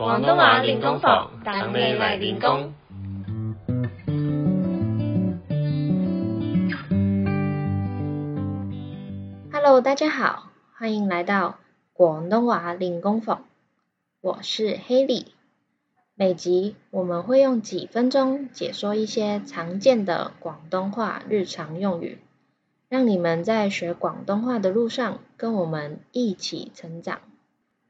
廣東話練功房，等你嚟練功。Hello，大家好，歡迎來到廣東話練功房，我是 Helly。每集我們會用幾分鐘解說一些常見的廣東話日常用語，讓你們在學廣東話的路上跟我們一起成長。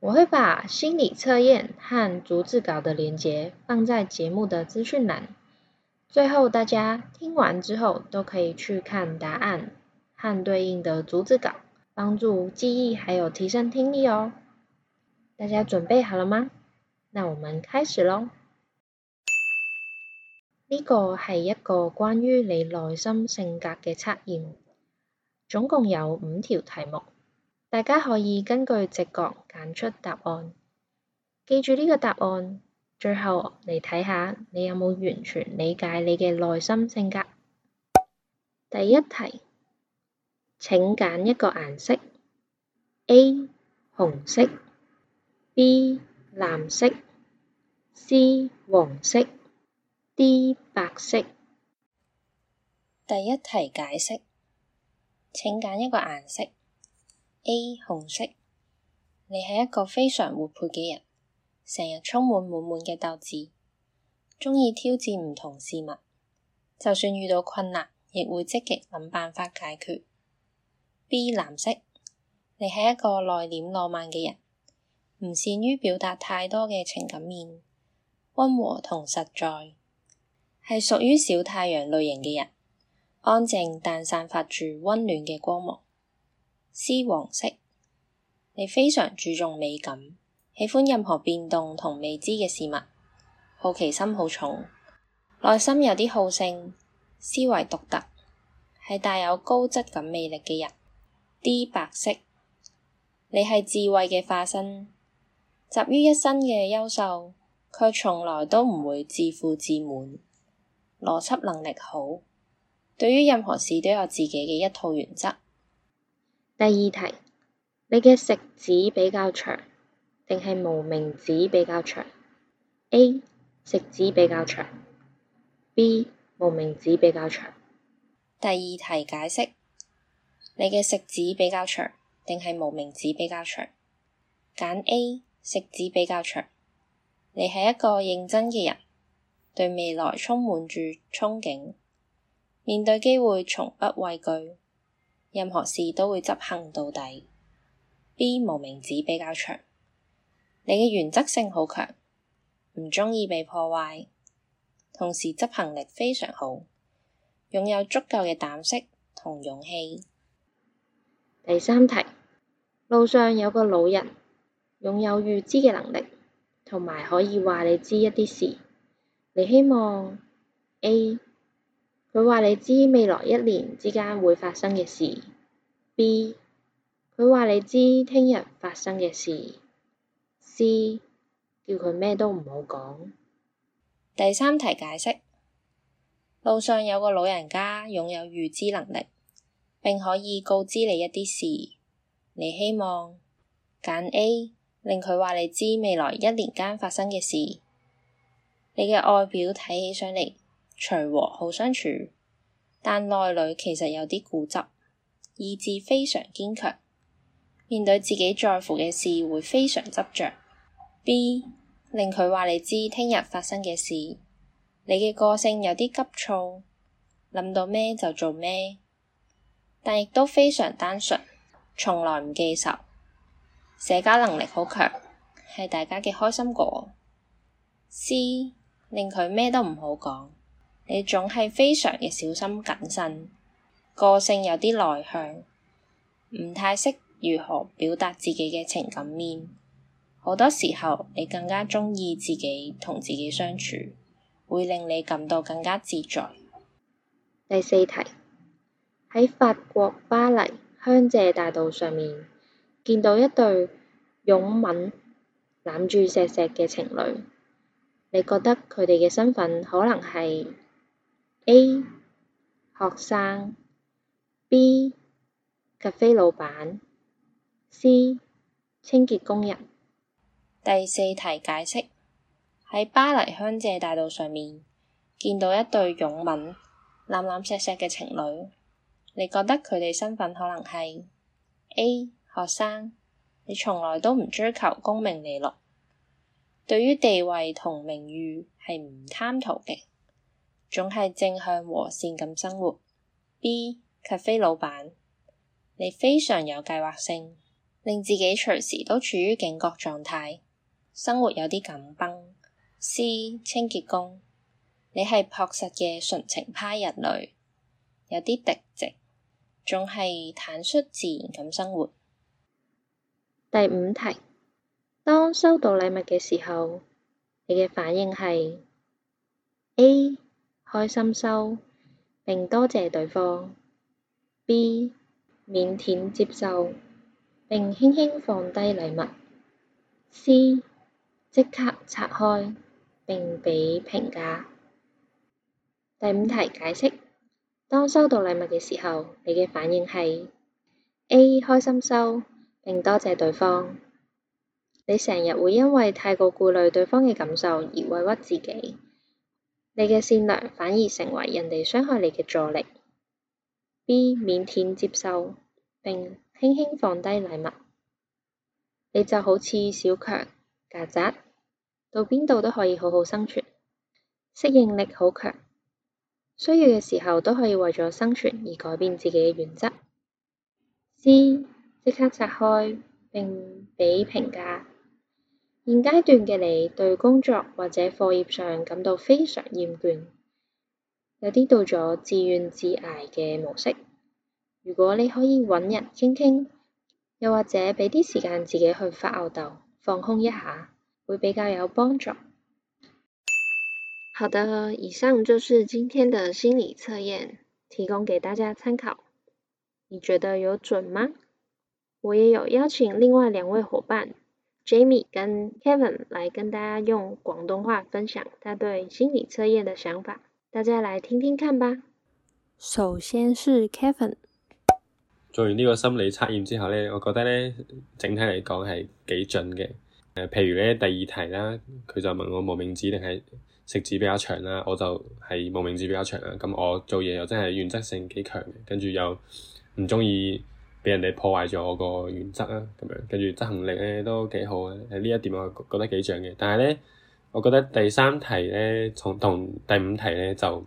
我會把心理測驗和逐字稿的連結放在節目的資訊欄。最後，大家聽完之後都可以去看答案和對應的逐字稿，幫助記憶還有提升聽力哦。大家準備好了嗎？那我們開始咯。呢個係一個關於你內心性格嘅測驗，總共有五條題目。大家可以根據直覺揀出答案，記住呢個答案，最後嚟睇下你有冇完全理解你嘅內心性格。第一題，請揀一個顏色：A. 紅色；B. 藍色；C. 黃色；D. 白色。第一題解釋：請揀一個顏色。A 紅色，你係一個非常活潑嘅人，成日充滿滿滿嘅鬥志，鍾意挑戰唔同事物。就算遇到困難，亦會積極諗辦法解決。B 藍色，你係一個內斂浪漫嘅人，唔善於表達太多嘅情感面，溫和同實在，係屬於小太陽類型嘅人，安靜但散發住溫暖嘅光芒。C 黃色，你非常注重美感，喜歡任何變動同未知嘅事物，好奇心好重，內心有啲好勝，思維獨特，係帶有高質感魅力嘅人。D 白色，你係智慧嘅化身，集於一身嘅優秀，卻從來都唔會自負自滿，邏輯能力好，對於任何事都有自己嘅一套原則。第二題，你嘅食指比較長定係無名指比較長？A 食指比較長，B 無名指比較長。第二題解釋，你嘅食指比較長定係無名指比較長？揀 A 食指比較長。你係一個認真嘅人，對未來充滿住憧憬，面對機會從不畏懼。任何事都會執行到底。B 無名指比較長，你嘅原則性好強，唔中意被破壞，同時執行力非常好，擁有足夠嘅膽識同勇氣。第三題，路上有個老人，擁有預知嘅能力，同埋可以話你知一啲事，你希望 A。佢話你知未來一年之間會發生嘅事。B，佢話你知聽日發生嘅事。C，叫佢咩都唔好講。第三題解釋：路上有個老人家擁有預知能力，並可以告知你一啲事。你希望揀 A，令佢話你知未來一年間發生嘅事。你嘅外表睇起上嚟，隨和好相處，但內裏其實有啲固執，意志非常堅強。面對自己在乎嘅事會非常執着。B 令佢話你知聽日發生嘅事，你嘅個性有啲急躁，諗到咩就做咩，但亦都非常單純，從來唔記仇，社交能力好強，係大家嘅開心果。C 令佢咩都唔好講。你總係非常嘅小心謹慎，個性有啲內向，唔太識如何表達自己嘅情感面。好多時候你更加鍾意自己同自己相處，會令你感到更加自在。第四題，喺法國巴黎香榭大道上面見到一對擁吻攬住錫錫嘅情侶，你覺得佢哋嘅身份可能係？A 學生，B 咖啡老闆，C 清潔工人。第四題解釋：喺巴黎香榭大道上面見到一對擁吻、攬攬錫錫嘅情侶，你覺得佢哋身份可能係 A 學生？你從來都唔追求功名利祿，對於地位同名譽係唔貪圖嘅。總係正向和善咁生活。B，咖啡老闆，你非常有計劃性，令自己隨時都處於警覺狀態，生活有啲緊繃。C，清潔工，你係樸實嘅純情派人類，有啲獨直，總係坦率自然咁生活。第五題，當收到禮物嘅時候，你嘅反應係 A。開心收，並多謝對方。B，腼腆接受，並輕輕放低禮物。C，即刻拆開，並畀評價。第五題解釋：當收到禮物嘅時候，你嘅反應係 A，開心收，並多謝對方。你成日會因為太過顧慮對方嘅感受而委屈自己。你嘅善良反而成為人哋傷害你嘅助力。B. 腼腆接受並輕輕放低禮物，你就好似小強、曱甴，到邊度都可以好好生存，適應力好強，需要嘅時候都可以為咗生存而改變自己嘅原則。C. 即刻拆開並俾評價。現階段嘅你對工作或者課業上感到非常厭倦，有啲到咗自怨自艾嘅模式。如果你可以揾人傾傾，又或者畀啲時間自己去發吽哣、放空一下，會比較有幫助。好的，以上就是今天的心理測驗，提供給大家參考。你覺得有準嗎？我也有邀請另外兩位伙伴。Jamie 跟 Kevin 來跟大家用廣東話分享他對心理測驗的想法，大家來聽聽看吧！首先是 Kevin。做完呢個心理測驗之後呢，我覺得呢整體嚟講係幾準嘅。誒、呃，譬如呢第二題啦，佢就問我無名指定係食指比較長啦，我就係無名指比較長啊。咁我做嘢又真係原則性幾強，跟住又唔鍾意俾人哋破壞咗我個原則啊，咁樣，跟住執行力咧都幾好嘅。喺呢一點我覺得幾像嘅，但係咧，我覺得第三題咧，從同第五題咧就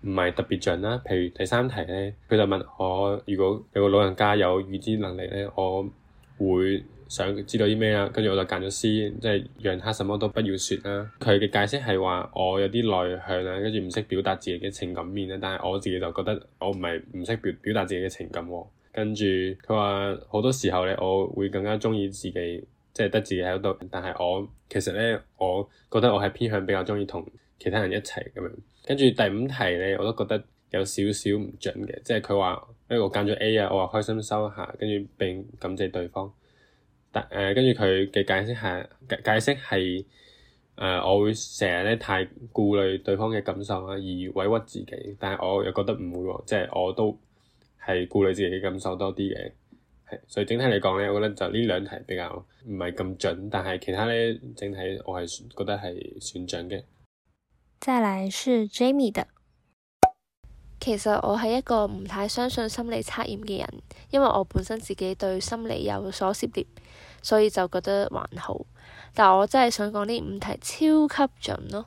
唔係特別像啦。譬如第三題咧，佢就問我，如果有個老人家有預知能力咧，我會想知道啲咩啊？跟住我就揀咗 C，即係讓他什麼都不要説啦。佢嘅解釋係話我有啲內向啊，跟住唔識表達自己嘅情感面啊。但係我自己就覺得我唔係唔識表表達自己嘅情感喎。跟住佢話好多時候咧，我會更加鍾意自己，即係得自己喺度。但係我其實咧，我覺得我係偏向比較鍾意同其他人一齊咁樣。跟住第五題咧，我都覺得有少少唔準嘅，即係佢話誒我揀咗 A 啊，我話開心收下，跟住並感謝對方。但誒、呃，跟住佢嘅解釋係解釋係誒，我會成日咧太顧慮對方嘅感受啊，而委屈自己。但係我又覺得唔會喎，即係我都。係顧慮自己嘅感受多啲嘅，係，所以整體嚟講呢，我覺得就呢兩題比較唔係咁準，但係其他呢，整體我係覺得係算準嘅。再來是 Jamie 的。 其實我係一個唔太相信心理測驗嘅人，因為我本身自己對心理有所涉獵，所以就覺得還好，但我真係想講呢五題超級準咯。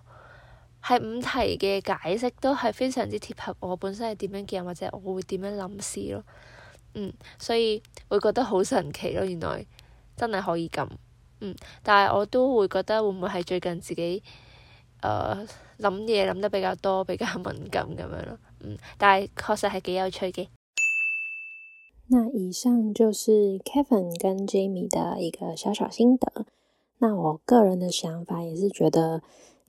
係五題嘅解釋都係非常之貼合我本身係點樣嘅人，或者我會點樣諗事咯。嗯，所以會覺得好神奇咯，原來真係可以咁。嗯，但係我都會覺得會唔會係最近自己誒諗嘢諗得比較多，比較敏感咁樣咯。嗯，但係確實係幾有趣嘅。那以上就是 Kevin 跟 j a m i e 嘅一個小小心得。那我個人嘅想法也是覺得。